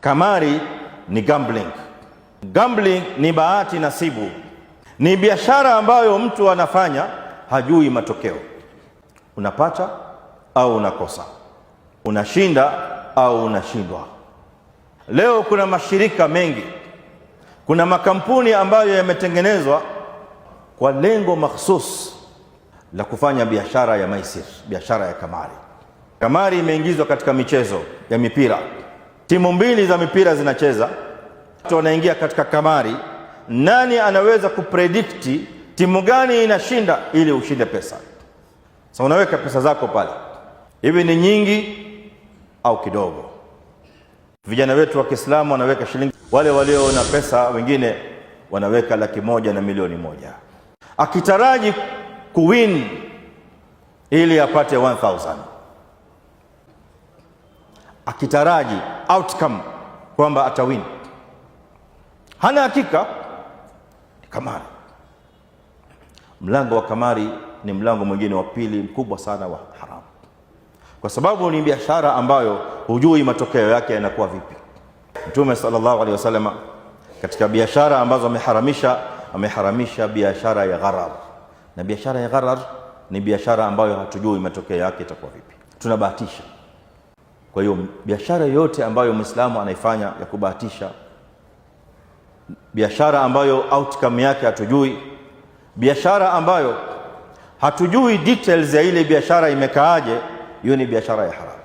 Kamari ni gambling. Gambling ni bahati nasibu, ni biashara ambayo mtu anafanya hajui matokeo, unapata au unakosa, unashinda au unashindwa. Leo kuna mashirika mengi, kuna makampuni ambayo yametengenezwa kwa lengo mahsusi la kufanya biashara ya maisir, biashara ya kamari. Kamari imeingizwa katika michezo ya mipira timu mbili za mipira zinacheza, wanaingia katika kamari, nani anaweza kupredikti timu gani inashinda ili ushinde pesa? Sasa unaweka pesa zako pale, hivi ni nyingi au kidogo? Vijana wetu wa Kiislamu wanaweka shilingi, wale walio na pesa wengine wanaweka laki moja na milioni moja akitaraji kuwin ili apate 1000 akitaraji outcome kwamba atawin. Hana hakika kamari. Mlango wa kamari ni mlango mwingine wa pili mkubwa sana wa haramu, kwa sababu ni biashara ambayo hujui matokeo yake yanakuwa vipi. Mtume sallallahu alaihi wasallam katika biashara ambazo ameharamisha, ameharamisha biashara ya gharar, na biashara ya gharar ni biashara ambayo hatujui matokeo yake itakuwa vipi, tunabahatisha. Kwa hiyo biashara yote ambayo Mwislamu anaifanya ya kubahatisha, biashara ambayo outcome yake hatujui, biashara ambayo hatujui details ya ile biashara imekaaje, hiyo ni biashara ya haram